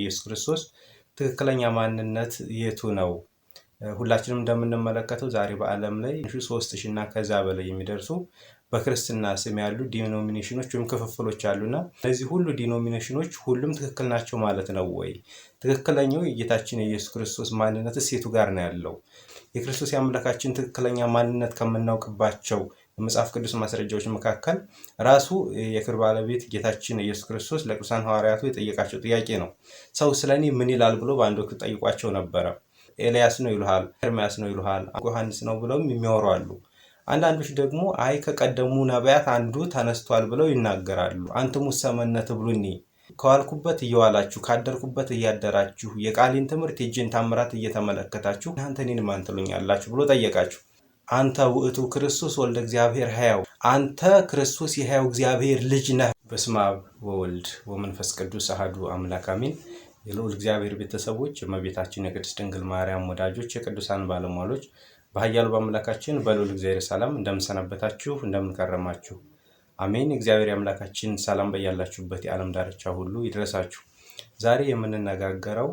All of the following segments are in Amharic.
ኢየሱስ ክርስቶስ ትክክለኛ ማንነት የቱ ነው? ሁላችንም እንደምንመለከተው ዛሬ በዓለም ላይ ሶስት እና ከዛ በላይ የሚደርሱ በክርስትና ስም ያሉ ዲኖሚኔሽኖች ወይም ክፍፍሎች አሉና እነዚህ ሁሉ ዲኖሚኔሽኖች ሁሉም ትክክል ናቸው ማለት ነው ወይ? ትክክለኛው የጌታችን የኢየሱስ ክርስቶስ ማንነት ሴቱ ጋር ነው ያለው። የክርስቶስ የአምላካችን ትክክለኛ ማንነት ከምናውቅባቸው መጽሐፍ ቅዱስ ማስረጃዎች መካከል ራሱ የክብር ባለቤት ጌታችን ኢየሱስ ክርስቶስ ለቅዱሳን ሐዋርያቱ የጠየቃቸው ጥያቄ ነው። ሰው ስለ እኔ ምን ይላል ብሎ በአንድ ወቅት ጠይቋቸው ነበረ። ኤልያስ ነው ይሉሃል፣ ኤርሚያስ ነው ይሉሃል፣ ዮሐንስ ነው ብለውም የሚያወሩ አሉ። አንዳንዶች ደግሞ አይ ከቀደሙ ነቢያት አንዱ ተነስቷል ብለው ይናገራሉ። አንትሙ ሰመነ ብሉኒ ከዋልኩበት እየዋላችሁ ካደርኩበት እያደራችሁ የቃሌን ትምህርት የእጄን ታምራት እየተመለከታችሁ እናንተ እኔን ማን ትሉኛላችሁ ብሎ ጠየቃችሁ። አንተ ውእቱ ክርስቶስ ወልደ እግዚአብሔር ሕያው አንተ ክርስቶስ የሕያው እግዚአብሔር ልጅ ነህ። በስመ አብ ወወልድ ወመንፈስ ቅዱስ አህዱ አምላክ አሜን። የልዑል እግዚአብሔር ቤተሰቦች፣ የእመቤታችን የቅድስት ድንግል ማርያም ወዳጆች፣ የቅዱሳን ባለሟሎች በኃያሉ በአምላካችን በልዑል እግዚአብሔር ሰላም እንደምንሰናበታችሁ እንደምንቀረማችሁ አሜን። እግዚአብሔር የአምላካችን ሰላም በያላችሁበት የዓለም ዳርቻ ሁሉ ይድረሳችሁ። ዛሬ የምንነጋገረው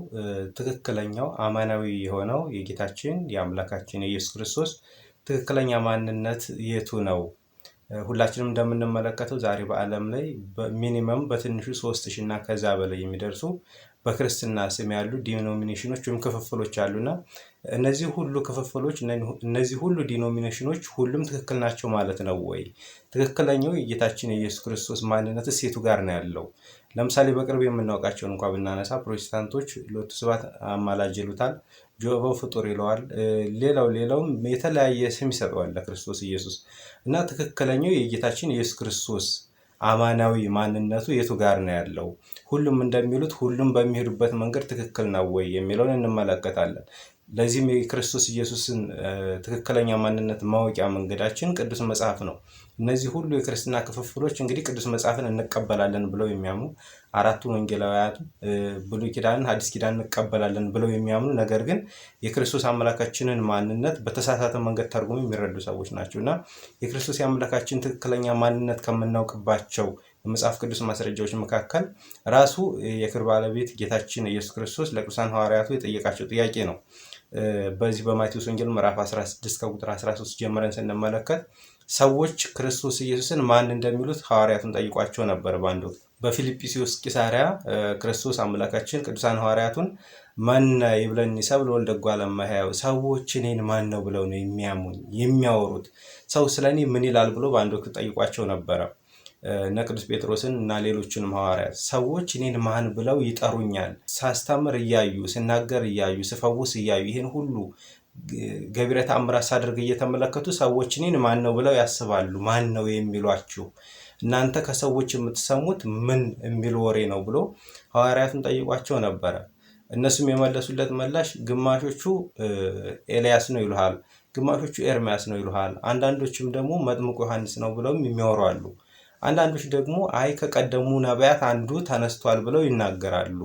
ትክክለኛው አማናዊ የሆነው የጌታችን የአምላካችን የኢየሱስ ክርስቶስ ትክክለኛ ማንነት የቱ ነው? ሁላችንም እንደምንመለከተው ዛሬ በዓለም ላይ ሚኒመም በትንሹ ሶስት ሺህ እና ከዛ በላይ የሚደርሱ በክርስትና ስም ያሉ ዲኖሚኔሽኖች ወይም ክፍፍሎች አሉና እነዚህ ሁሉ ክፍፍሎች እነዚህ ሁሉ ዲኖሚኔሽኖች ሁሉም ትክክል ናቸው ማለት ነው ወይ? ትክክለኛው የጌታችን የኢየሱስ ክርስቶስ ማንነት ሴቱ ጋር ነው ያለው። ለምሳሌ በቅርብ የምናውቃቸውን እንኳ ብናነሳ ፕሮቴስታንቶች ሎቱ ስብሐት አማላጅ ይሉታል። ጆባው ፍጡር ይለዋል። ሌላው ሌላውም የተለያየ ስም ይሰጠዋል ለክርስቶስ ኢየሱስ እና ትክክለኛው የጌታችን ኢየሱስ ክርስቶስ አማናዊ ማንነቱ የቱ ጋር ነው ያለው? ሁሉም እንደሚሉት ሁሉም በሚሄዱበት መንገድ ትክክል ነው ወይ የሚለውን እንመለከታለን። ለዚህም የክርስቶስ ኢየሱስን ትክክለኛ ማንነት ማወቂያ መንገዳችን ቅዱስ መጽሐፍ ነው። እነዚህ ሁሉ የክርስትና ክፍፍሎች እንግዲህ ቅዱስ መጽሐፍን እንቀበላለን ብለው የሚያምኑ አራቱ ወንጌላውያን ብሉይ ኪዳንን፣ ሐዲስ ኪዳን እንቀበላለን ብለው የሚያምኑ ነገር ግን የክርስቶስ አምላካችንን ማንነት በተሳሳተ መንገድ ተርጉሞ የሚረዱ ሰዎች ናቸው እና የክርስቶስ የአምላካችን ትክክለኛ ማንነት ከምናውቅባቸው የመጽሐፍ ቅዱስ ማስረጃዎች መካከል ራሱ የክብር ባለቤት ጌታችን ኢየሱስ ክርስቶስ ለቅዱሳን ሐዋርያቱ የጠየቃቸው ጥያቄ ነው። በዚህ በማቴዎስ ወንጌል ምዕራፍ 16 ከቁጥር 13 ጀምረን ስንመለከት ሰዎች ክርስቶስ ኢየሱስን ማን እንደሚሉት ሐዋርያቱን ጠይቋቸው ነበር። በአንድ ወቅት በፊልጵስዩስ ቂሳሪያ ክርስቶስ አምላካችን ቅዱሳን ሐዋርያቱን መነ ይብለኒ ሰብእ ለወልደ እጓለ እመሕያው፣ ሰዎች እኔን ማን ነው ብለው ነው የሚያሙኝ የሚያወሩት፣ ሰው ስለ እኔ ምን ይላል ብሎ በአንድ ወቅት ጠይቋቸው ነበረ። እነ ቅዱስ ጴጥሮስን እና ሌሎችንም ሐዋርያት ሰዎች እኔን ማን ብለው ይጠሩኛል? ሳስተምር እያዩ ስናገር እያዩ ስፈውስ እያዩ ይህን ሁሉ ገቢረ ተአምራት ሳደርግ እየተመለከቱ ሰዎች እኔን ማን ነው ብለው ያስባሉ። ማን ነው የሚሏችሁ? እናንተ ከሰዎች የምትሰሙት ምን የሚል ወሬ ነው ብሎ ሐዋርያቱን ጠይቋቸው ነበረ። እነሱም የመለሱለት ምላሽ ግማሾቹ ኤልያስ ነው ይሉሃል፣ ግማሾቹ ኤርሚያስ ነው ይሉሃል፣ አንዳንዶችም ደግሞ መጥምቁ ዮሐንስ ነው ብለውም የሚወሯሉ? አሉ። አንዳንዶች ደግሞ አይ ከቀደሙ ነቢያት አንዱ ተነስቷል ብለው ይናገራሉ።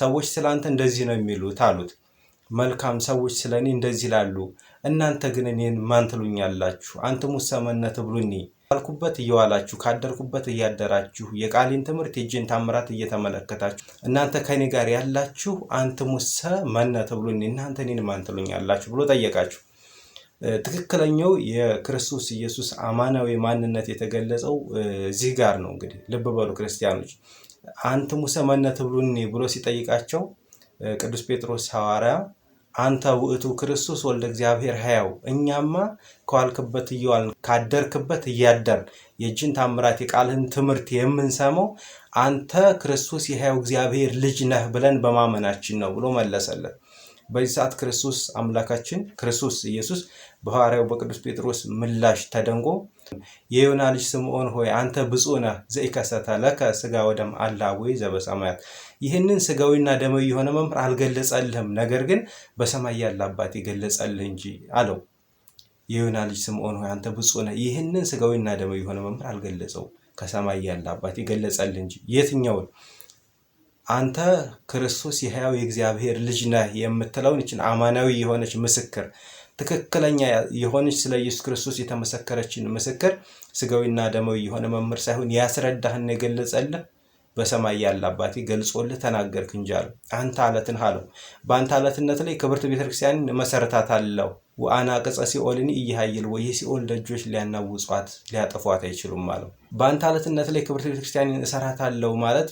ሰዎች አንተ እንደዚህ ነው የሚሉት አሉት። መልካም ሰዎች ስለ እኔ እንደዚህ ይላሉ፣ እናንተ ግን እኔን ማን ትሉኛላችሁ? አንትሙ ሰመነ ትብሉኒ ባልኩበት እየዋላችሁ ካደርኩበት እያደራችሁ የቃሌን ትምህርት የእጄን ታምራት እየተመለከታችሁ እናንተ ከኔ ጋር ያላችሁ አንትሙሰ መነ ትብሉኒ እናንተ እኔን ማን ትሉኛላችሁ ብሎ ጠየቃችሁ። ትክክለኛው የክርስቶስ ኢየሱስ አማናዊ ማንነት የተገለጸው እዚህ ጋር ነው። እንግዲህ ልብ በሉ ክርስቲያኖች፣ አንተ ሙሴ ሰመነ ትብሉኒ ብሎ ሲጠይቃቸው ቅዱስ ጴጥሮስ ሐዋርያ አንተ ውእቱ ክርስቶስ ወልደ እግዚአብሔር ሕያው እኛማ ከዋልክበት እየዋልን ካደርክበት እያደርን የእጅን ታምራት የቃልህን ትምህርት የምንሰማው አንተ ክርስቶስ የሕያው እግዚአብሔር ልጅ ነህ ብለን በማመናችን ነው ብሎ መለሰለን። በዚህ ሰዓት ክርስቶስ አምላካችን ክርስቶስ ኢየሱስ በሐዋርያው በቅዱስ ጴጥሮስ ምላሽ ተደንጎ የዮና ልጅ ስምዖን ሆይ አንተ ብፁዕ ነህ ዘኢከሰተ ለከ ስጋ ወደም አላ ወይ ዘበሰማያት። ይህንን ስጋዊና ደማዊ የሆነ መምህር አልገለጸልህም፣ ነገር ግን በሰማይ ያለ አባት የገለጸልህ እንጂ አለው። የዮና ልጅ ስምዖን ሆይ አንተ ብፁዕ ነህ። ይህንን ስጋዊና ደማዊ የሆነ መምህር አልገለጸው፣ ከሰማይ ያለ አባት የገለጸልህ እንጂ። የትኛውን አንተ ክርስቶስ የሕያው የእግዚአብሔር ልጅ ነህ የምትለውን ይችን አማናዊ የሆነች ምስክር ትክክለኛ የሆነች ስለ ኢየሱስ ክርስቶስ የተመሰከረችን ምስክር ስጋዊና ደማዊ የሆነ መምህር ሳይሆን ያስረዳህን የገለጸልህ በሰማይ ያለ አባቴ ገልጾልህ ተናገርክ እንጂ አለው። አንተ አለትን አለው። በአንተ አለትነት ላይ ክብርት ቤተክርስቲያንን መሰረታት አለው። ወአና ቅጸ ሲኦልን እየሃይል ወይ ሲኦል ደጆች ሊያናውጿት ሊያጠፏት አይችሉም አለው። በአንተ አለትነት ላይ ክብርት ቤተክርስቲያንን እሰራት አለው ማለት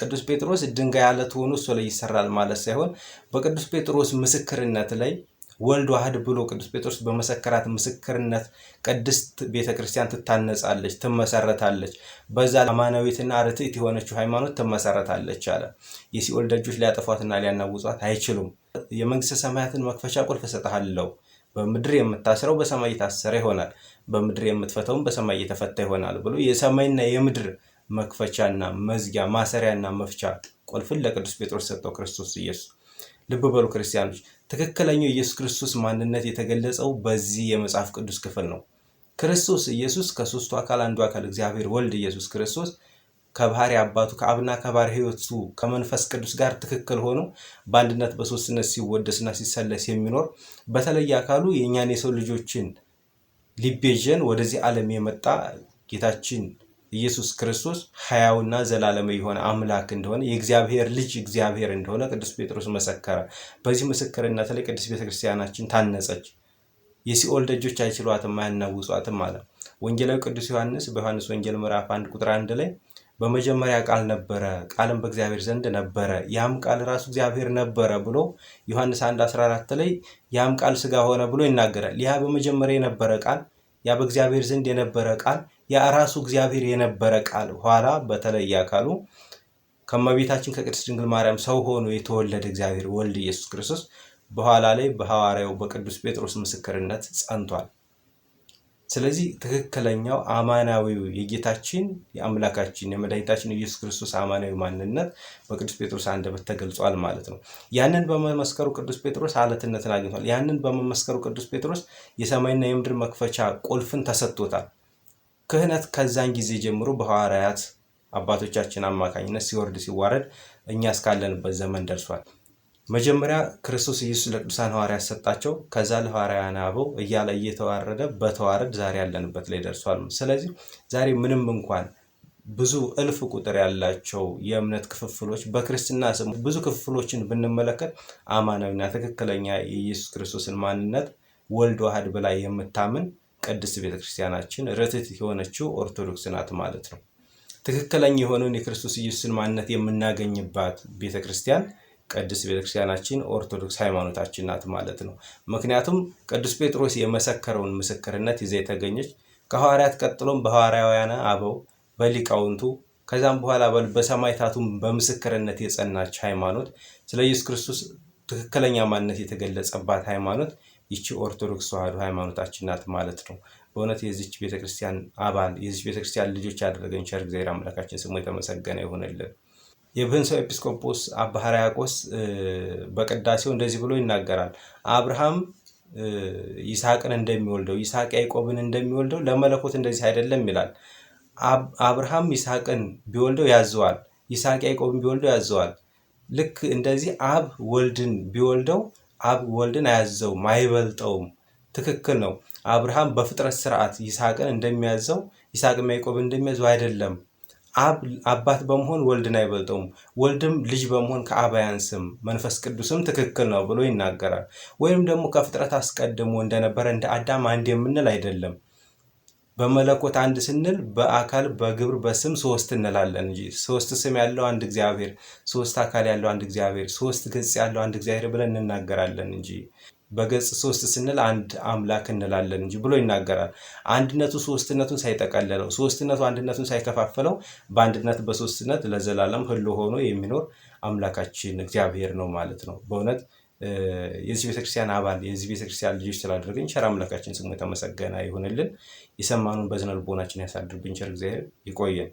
ቅዱስ ጴጥሮስ ድንጋይ አለት ሆኖ እሱ ላይ ይሰራል ማለት ሳይሆን በቅዱስ ጴጥሮስ ምስክርነት ላይ ወልድ ዋህድ ብሎ ቅዱስ ጴጥሮስ በመሰከራት ምስክርነት ቅድስት ቤተ ክርስቲያን ትታነጻለች፣ ትመሰረታለች። በዛ አማናዊትና ርትዕት የሆነችው ሃይማኖት ትመሰረታለች አለ። የሲኦል ደጆች ሊያጠፏትና ሊያናውጧት አይችሉም። የመንግስተ ሰማያትን መክፈቻ ቁልፍ እሰጥሃለሁ። በምድር የምታስረው በሰማይ የታሰረ ይሆናል፣ በምድር የምትፈተውም በሰማይ እየተፈታ ይሆናል ብሎ የሰማይና የምድር መክፈቻና መዝጊያ ማሰሪያና መፍቻ ቁልፍን ለቅዱስ ጴጥሮስ ሰጠው ክርስቶስ ኢየሱስ። ልብ በሉ ክርስቲያኖች ትክክለኛው ኢየሱስ ክርስቶስ ማንነት የተገለጸው በዚህ የመጽሐፍ ቅዱስ ክፍል ነው። ክርስቶስ ኢየሱስ ከሶስቱ አካል አንዱ አካል እግዚአብሔር ወልድ ኢየሱስ ክርስቶስ ከባህሪ አባቱ ከአብና ከባህሪ ሕይወቱ ከመንፈስ ቅዱስ ጋር ትክክል ሆኖ በአንድነት በሶስትነት ሲወደስና ሲሰለስ የሚኖር በተለይ አካሉ የእኛን የሰው ልጆችን ሊቤዥን ወደዚህ ዓለም የመጣ ጌታችን ኢየሱስ ክርስቶስ ሕያውና ዘላለም የሆነ አምላክ እንደሆነ የእግዚአብሔር ልጅ እግዚአብሔር እንደሆነ ቅዱስ ጴጥሮስ መሰከረ። በዚህ ምስክርነት ላይ ቅዱስ ቤተክርስቲያናችን ታነጸች። የሲኦል ደጆች አይችሏትም አያናውጿትም አለ። ወንጌላዊ ቅዱስ ዮሐንስ በዮሐንስ ወንጌል ምዕራፍ አንድ ቁጥር አንድ ላይ በመጀመሪያ ቃል ነበረ፣ ቃልም በእግዚአብሔር ዘንድ ነበረ፣ ያም ቃል ራሱ እግዚአብሔር ነበረ ብሎ ዮሐንስ 1 14 ላይ ያም ቃል ስጋ ሆነ ብሎ ይናገራል። ያ በመጀመሪያ የነበረ ቃል ያ በእግዚአብሔር ዘንድ የነበረ ቃል የአራሱ እግዚአብሔር የነበረ ቃል ኋላ በተለየ አካሉ ከመቤታችን ከቅድስት ድንግል ማርያም ሰው ሆኖ የተወለደ እግዚአብሔር ወልድ ኢየሱስ ክርስቶስ በኋላ ላይ በሐዋርያው በቅዱስ ጴጥሮስ ምስክርነት ጸንቷል። ስለዚህ ትክክለኛው አማናዊው የጌታችን የአምላካችን የመድኃኒታችን ኢየሱስ ክርስቶስ አማናዊ ማንነት በቅዱስ ጴጥሮስ አንደበት ተገልጿል ማለት ነው። ያንን በመመስከሩ ቅዱስ ጴጥሮስ አለትነትን አግኝቷል። ያንን በመመስከሩ ቅዱስ ጴጥሮስ የሰማይና የምድር መክፈቻ ቁልፍን ተሰጥቶታል። ክህነት ከዛን ጊዜ ጀምሮ በሐዋርያት አባቶቻችን አማካኝነት ሲወርድ ሲዋረድ እኛ እስካለንበት ዘመን ደርሷል። መጀመሪያ ክርስቶስ ኢየሱስ ለቅዱሳን ሐዋርያት ሰጣቸው። ከዛ ለሐዋርያን አበው እያለ እየተዋረደ በተዋረድ ዛሬ ያለንበት ላይ ደርሷል። ስለዚህ ዛሬ ምንም እንኳን ብዙ እልፍ ቁጥር ያላቸው የእምነት ክፍፍሎች በክርስትና ስም ብዙ ክፍፍሎችን ብንመለከት አማናዊና ትክክለኛ የኢየሱስ ክርስቶስን ማንነት ወልድ ዋህድ ብላ የምታምን ቅድስት ቤተክርስቲያናችን ርትዕት የሆነችው ኦርቶዶክስ ናት ማለት ነው። ትክክለኛ የሆነውን የክርስቶስ ኢየሱስን ማንነት የምናገኝባት ቤተክርስቲያን ቅድስት ቤተክርስቲያናችን ኦርቶዶክስ ሃይማኖታችን ናት ማለት ነው። ምክንያቱም ቅዱስ ጴጥሮስ የመሰከረውን ምስክርነት ይዘ የተገኘች ከሐዋርያት ቀጥሎም በሐዋርያውያን አበው በሊቃውንቱ ከዛም በኋላ በሰማይታቱም በምስክርነት የጸናች ሃይማኖት ስለ ኢየሱስ ክርስቶስ ትክክለኛ ማንነት የተገለጸባት ሃይማኖት ይቺ ኦርቶዶክስ ተዋህዶ ሃይማኖታችን ናት ማለት ነው። በእውነት የዚች ቤተክርስቲያን አባል የዚች ቤተክርስቲያን ልጆች ያደረገን ቸር እግዚአብሔር አምላካችን ስሙ የተመሰገነ ይሆንልን። የብህንሰው ኤጲስቆጶስ አባ ሕርያቆስ በቅዳሴው እንደዚህ ብሎ ይናገራል። አብርሃም ይስሐቅን እንደሚወልደው ይስሐቅ ያዕቆብን እንደሚወልደው ለመለኮት እንደዚህ አይደለም ይላል። አብርሃም ይስሐቅን ቢወልደው ያዘዋል፣ ይስሐቅ ያዕቆብን ቢወልደው ያዘዋል። ልክ እንደዚህ አብ ወልድን ቢወልደው አብ ወልድን አያዘውም አይበልጠውም። ትክክል ነው። አብርሃም በፍጥረት ስርዓት ይስሐቅን እንደሚያዘው ይስሐቅም ያዕቆብን እንደሚያዘው አይደለም። አብ አባት በመሆን ወልድን አይበልጠውም፣ ወልድም ልጅ በመሆን ከአብ አያንስም፣ መንፈስ ቅዱስም ትክክል ነው ብሎ ይናገራል። ወይም ደግሞ ከፍጥረት አስቀድሞ እንደነበረ እንደ አዳም አንድ የምንል አይደለም። በመለኮት አንድ ስንል በአካል በግብር በስም ሶስት እንላለን እንጂ ሶስት ስም ያለው አንድ እግዚአብሔር፣ ሶስት አካል ያለው አንድ እግዚአብሔር፣ ሶስት ገጽ ያለው አንድ እግዚአብሔር ብለን እንናገራለን እንጂ በገጽ ሶስት ስንል አንድ አምላክ እንላለን እንጂ ብሎ ይናገራል። አንድነቱ ሶስትነቱን ሳይጠቀለለው፣ ሶስትነቱ አንድነቱን ሳይከፋፈለው በአንድነት በሶስትነት ለዘላለም ሕልው ሆኖ የሚኖር አምላካችን እግዚአብሔር ነው ማለት ነው በእውነት የዚህ ቤተክርስቲያን አባል የዚህ ቤተክርስቲያን ልጆች ስላደረገኝ ቸር አምላካችን ስሙ የተመሰገነ ይሁንልን። የሰማኑን በዝነ ልቦናችን ያሳድርብን። ቸር እግዚአብሔር ይቆየን።